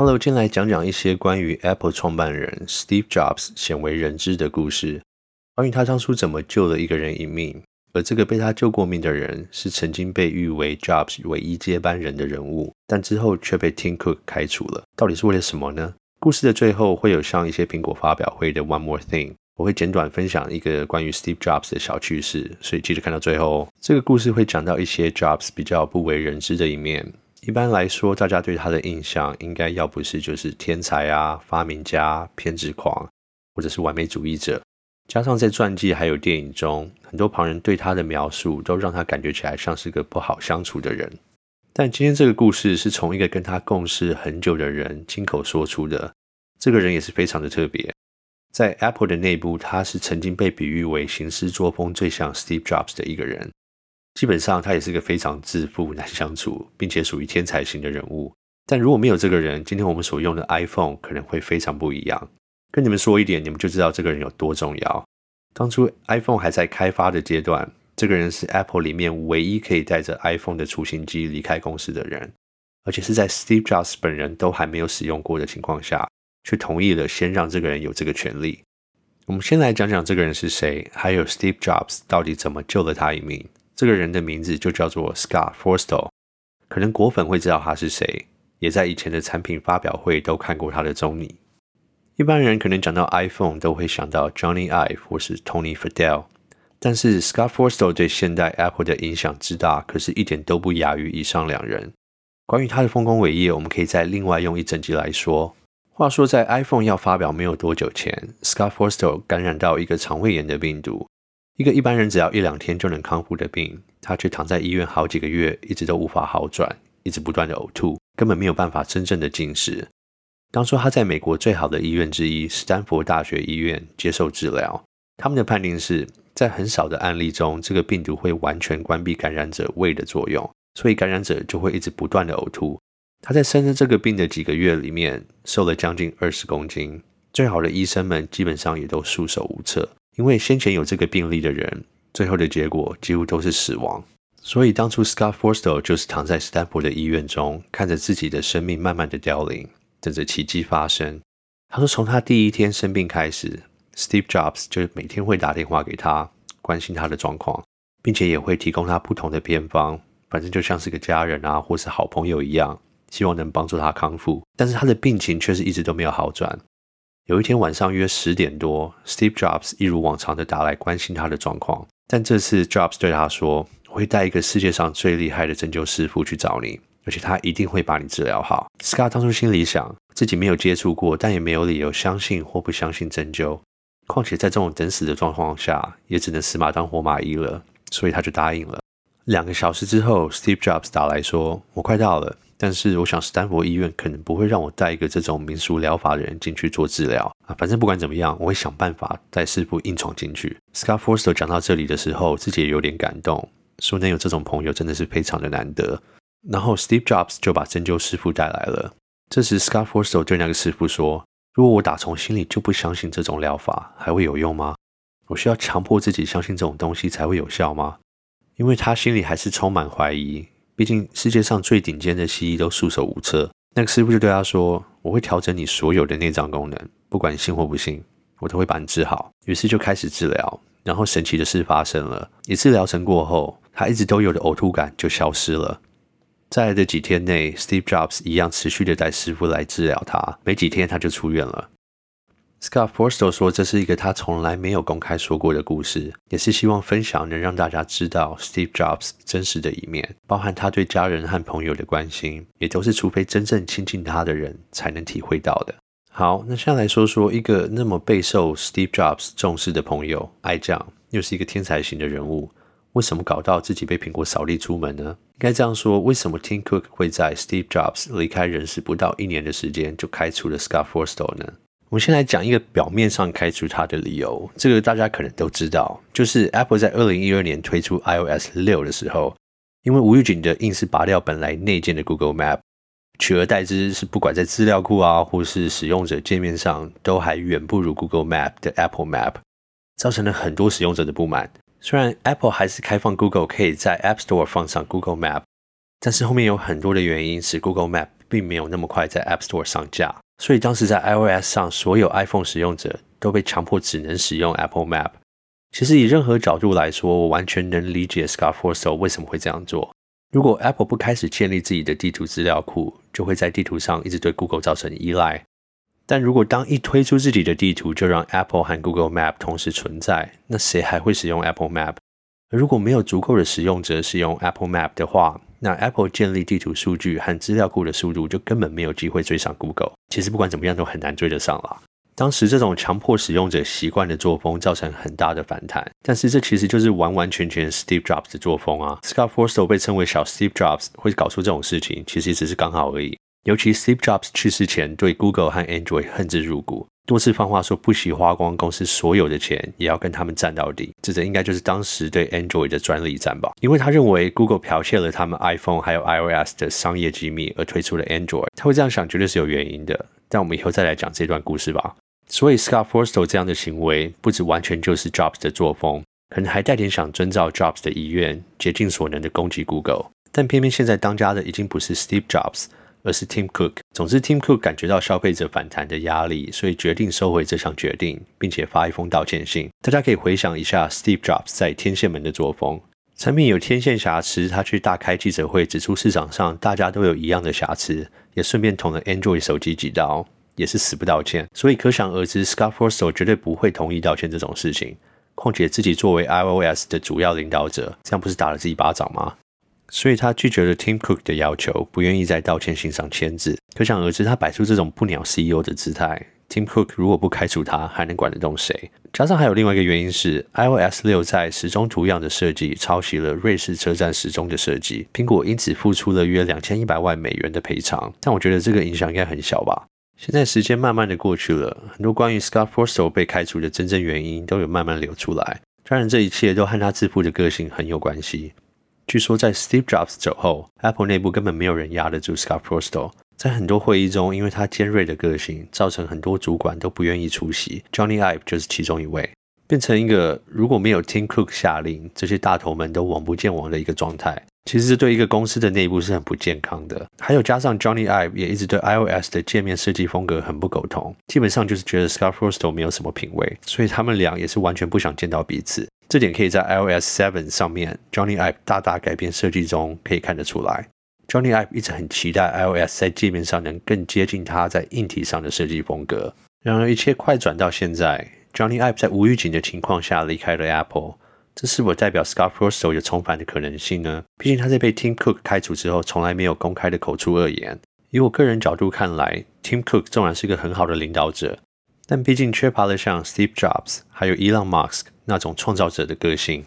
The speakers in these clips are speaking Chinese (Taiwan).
Hello，今天來講講一些關於 Apple 創辦人 Steve Jobs 鮮為人知的故事，關於他當初怎麼救了一個人一命，而這個被他救過命的人是曾經被譽為 Jobs 唯一接班人的人物，但之後卻被 Tim Cook 開除了，到底是為了什麼呢？故事的最後會有像一些蘋果發表會的 One More Thing，我會簡短分享一個關於 Steve Jobs 的小趣事，所以記得看到最後哦。這個故事會講到一些 Jobs 比較不為人知的一面。一般來說，大家對他的印象應該要不是就是天才啊、發明家、偏執狂，或者是完美主義者。加上在傳記還有電影中，很多旁人對他的描述都讓他感覺起來像是個不好相處的人。但今天這個故事是從一個跟他共事很久的人親口說出的，這個人也是非常的特別。在 Apple 的內部，他是曾經被比喻為行事作風最像 Steve Jobs 的一個人。基本上，他也是個非常自負、難相處，並且屬於天才型的人物。但如果沒有這個人，今天我們所用的 iPhone 可能會非常不一樣。跟你們說一點，你們就知道這個人有多重要。當初 iPhone 還在開發的階段，這個人是 Apple 裡面唯一可以帶着 iPhone 的雛形機離開公司的人，而且是在 Steve Jobs 本人都還沒有使用過的情況下，卻同意了先讓這個人有這個權利。我們先來講講這個人是誰，還有 Steve Jobs 到底怎麼救了他一命。這個人的名字就叫做 Scott Forstall，可能果粉會知道他是誰，也在以前的產品發表會都看過他的蹤影。一般人可能講到 iPhone 都會想到 Johnny Ive 或是 Tony Fadell，但是 Scott Forstall 對現代 Apple 的影響之大，可是一點都不亞於以上兩人。關於他的豐功偉業，我們可以再另外用一整集來說。話說在 iPhone 要發表沒有多久前，Scott Forstall 感染到一個腸胃炎的病毒。一個一般人只要一兩天就能康復的病，他卻躺在醫院好幾個月，一直都無法好轉，一直不斷的嘔吐，根本沒有辦法真正的進食。當初他在美國最好的醫院之一——史丹佛大學醫院接受治療，他們的判定是在很少的案例中，這個病毒會完全關閉感染者胃的作用，所以感染者就會一直不斷的嘔吐。他在生了這個病的幾個月裡面，瘦了將近二十公斤，最好的醫生們基本上也都束手無策。因為先前有這個病例的人，最後的結果幾乎都是死亡，所以當初 Scott Forstall 就是躺在 Stanford 的醫院中，看着自己的生命慢慢的凋零，等着奇蹟发生。他說，從他第一天生病開始，Steve Jobs 就每天會打電話給他，關心他的狀況，并且也會提供他不同的偏方，反正就像是個家人啊，或是好朋友一樣，希望能幫助他康复。但是他的病情卻是一直都沒有好轉。有一天晚上約十點多，Steve Jobs 一如往常的打來關心他的狀況，但這次 Jobs 對他說：“我會帶一個世界上最厲害的針灸師傅去找你，而且他一定會把你治療好。” Scott 當初心裡想，自己沒有接觸過，但也沒有理由相信或不相信針灸，況且在這種等死的狀況下，也只能死馬當活馬醫了，所以他就答應了。兩個小時之後，Steve Jobs 打來說：“我快到了。”但是我想，斯坦佛醫院可能不會讓我帶一個這種民俗療法的人進去做治療啊。反正不管怎麼樣，我會想辦法帶師傅硬闖進去。Scott Forstall 講到這裡的時候，自己也有點感動，說能有這種朋友，真的是非常的難得。然後 Steve Jobs 就把針灸師傅帶來了。這時，Scott Forstall 對那個師傅說：“如果我打從心裡就不相信這種療法，還會有用嗎？我需要強迫自己相信這種東西才會有效嗎？”因為他心裡還是充滿懷疑。畢竟世界上最頂尖的西醫都束手無策，那個師傅就對他說：“我會調整你所有的內臟功能，不管你信或不信，我都會把你治好。”於是就開始治療，然後神奇的事發生了，一次療程過後，他一直都有的嘔吐感就消失了。在這幾天內，Steve Jobs 一樣持續的帶師傅來治療他，沒幾天他就出院了。Scott Forstall 說：“這是一個他從來沒有公開說過的故事，也是希望分享，能讓大家知道 Steve Jobs 真實的一面，包含他對家人和朋友的關心，也都是除非真正親近他的人才能體會到的。”好，那下來說說一個那麼備受 Steve Jobs 重視的朋友 i g 又是一個天才型的人物，為什麼搞到自己被蘋果掃地出門呢？應該這樣說，為什麼 Tim Cook 會在 Steve Jobs 離開人世不到一年的時間就開除了 Scott Forstall 呢？我們先來講一個表面上開除它的理由，這個大家可能都知道，就是 Apple 在二零一二年推出 iOS 六的時候，因為無預警的硬是拔掉本來內建的 Google Map，取而代之是不管在資料庫啊，或是使用者界面上，都還遠不如 Google Map 的 Apple Map，造成了很多使用者的不滿。雖然 Apple 還是開放 Google 可以在 App Store 放上 Google Map，但是後面有很多的原因，使 Google Map 並沒有那麼快在 App Store 上架。所以當時在 iOS 上，所有 iPhone 使用者都被強迫只能使用 Apple Map。其實以任何角度來說，我完全能理解 Scott Forstall 為什麼會這樣做。如果 Apple 不開始建立自己的地圖資料庫，就會在地圖上一直對 Google 造成依賴。但如果當一推出自己的地圖，就讓 Apple 和 Google Map 同時存在，那誰還會使用 Apple Map？而如果沒有足夠的使用者使用 Apple Map 的話，那 Apple 建立地圖數據和資料庫的速度就根本沒有機會追上 Google。其實不管怎麼樣都很難追得上了。當時這種強迫使用者習慣的作風造成很大的反彈，但是這其實就是完完全全 Steve Jobs 的作風啊。Scott Forstall 被稱為小 Steve Jobs，會搞出這種事情其實只是剛好而已。尤其 Steve Jobs 去世前對 Google 和 Android 恨之入骨。多次放話說不惜花光公司所有的錢，也要跟他們戰到底。指的應該就是當時對 Android 的專利戰吧，因為他認為 Google 剽竊了他們 iPhone 還有 iOS 的商業機密而推出了 Android。他會這樣想，絕對是有原因的。但我們以後再來講這段故事吧。所以 Scott Forstall 這樣的行為，不止完全就是 Jobs 的作風，可能還帶點想遵照 Jobs 的意願，竭盡所能的攻擊 Google。但偏偏現在當家的已經不是 Steve Jobs。而是 Tim Cook。總之，Tim Cook 感覺到消費者反彈的壓力，所以決定收回這項決定，並且發一封道歉信。大家可以回想一下 Steve Jobs 在天線門的作風，產品有天線瑕疵，他去大開記者會指出市場上大家都有一樣的瑕疵，也順便捅了 Android 手機幾刀，也是死不道歉。所以可想而知，Scott Forstall 絕對不會同意道歉這種事情。況且自己作為 iOS 的主要領導者，這樣不是打了自己一巴掌嗎？所以他拒絕了 Tim Cook 的要求，不願意在道歉信上簽字。可想而知，他擺出這種不鳥 CEO 的姿態，Tim Cook 如果不開除他，還能管得動誰？加上還有另外一個原因是，iOS 六在時鐘圖樣的設計抄襲了瑞士車站時鐘的設計，蘋果因此付出了約兩千一百萬美元的賠償。但我覺得這個影響應該很小吧。現在時間慢慢的過去了，很多關於 Scott Forstall 被開除的真正原因都有慢慢流出來，當然這一切都和他自負的個性很有關係。據說在 Steve Jobs 走後，Apple 內部根本沒有人壓得住 Scott Forstall。在很多會議中，因為他尖銳的個性，造成很多主管都不願意出席。Johnny Ive 就是其中一位，變成一個如果沒有 Tim Cook 下令，這些大頭們都王不見王的一個狀態。其實對一個公司的內部是很不健康的。還有加上 Johnny Ive 也一直對 iOS 的界面設計風格很不苟同，基本上就是覺得 Scott Forstall 沒有什麼品味，所以他們倆也是完全不想見到彼此。這點可以在 iOS 7上面 Jony Ive 大大改變設計中可以看得出來。Jony Ive 一直很期待 iOS 在界面上能更接近他在硬體上的設計風格。然而一切快轉到現在，Jony Ive 在無預警的情況下離開了 Apple，這是否代表 Scott Forstall 有重返的可能性呢？畢竟他在被 Tim Cook 開除之後，從來沒有公開的口出惡言。以我個人角度看來，Tim Cook 縱然是個很好的領導者，但畢竟缺乏了像 Steve Jobs 還有 Elon Musk。那種創造者的個性，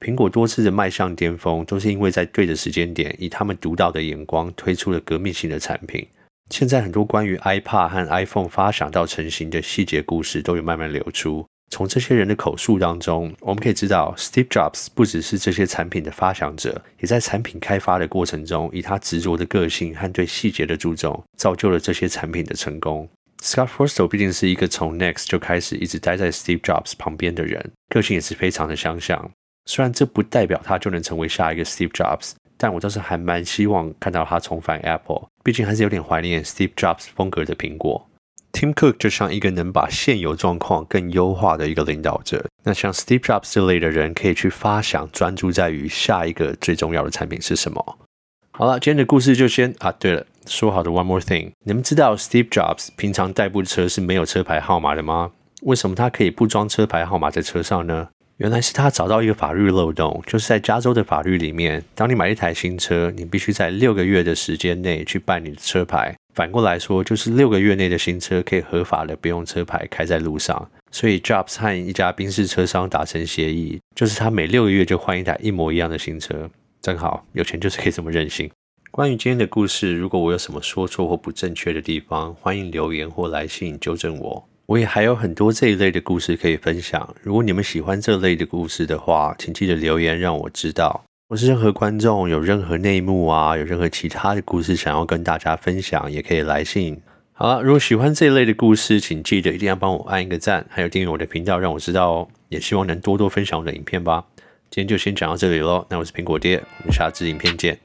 蘋果多次的邁向巔峰，都是因為在對的時間點，以他們獨到的眼光，推出了革命性的產品。現在很多關於 iPad 和 iPhone 發想到成型的細節故事都有慢慢流出，從這些人的口述當中，我們可以知道，Steve Jobs 不只是這些產品的發想者，也在產品開發的過程中，以他執着的個性和對細節的注重，造就了這些產品的成功。Scott Forstall 畢竟是一個從 Next 就開始一直待在 Steve Jobs 旁邊的人，個性也是非常的相像。雖然這不代表他就能成為下一個 Steve Jobs，但我倒是還蠻希望看到他重返 Apple，畢竟還是有點懷念 Steve Jobs 風格的蘋果。Tim Cook 就像一個能把現有狀況更優化的一個領導者，那像 Steve Jobs 這類的人可以去發想，專注在於下一個最重要的產品是什麼。好了，今天的故事就先……啊，對了，說好的 One more thing，你們知道 Steve Jobs 平常代步車是沒有車牌號碼的嗎？為什麼他可以不裝車牌號碼在車上呢？原來是他找到一個法律漏洞，就是在加州的法律裡面，當你買一台新車，你必須在六個月的時間內去辦你的車牌。反過來說，就是六個月內的新車可以合法的不用車牌開在路上。所以 Jobs 和一家賓士車商達成協議，就是他每六個月就換一台一模一樣的新車。正好，有錢就是可以這麼任性。關於今天的故事，如果我有什麼說錯或不正確的地方，歡迎留言或來信糾正我。我也還有很多這一類的故事可以分享。如果你們喜歡這類的故事的話，請記得留言讓我知道。或是任何觀眾，有任何內幕啊，有任何其他的故事想要跟大家分享，也可以來信。好了，如果喜歡這一類的故事，請記得一定要幫我按一個讚，還有訂閱我的頻道，讓我知道哦。也希望能多多分享我的影片吧。今天就先講到這裡嘍，那我是蘋果爹，我們下次影片見。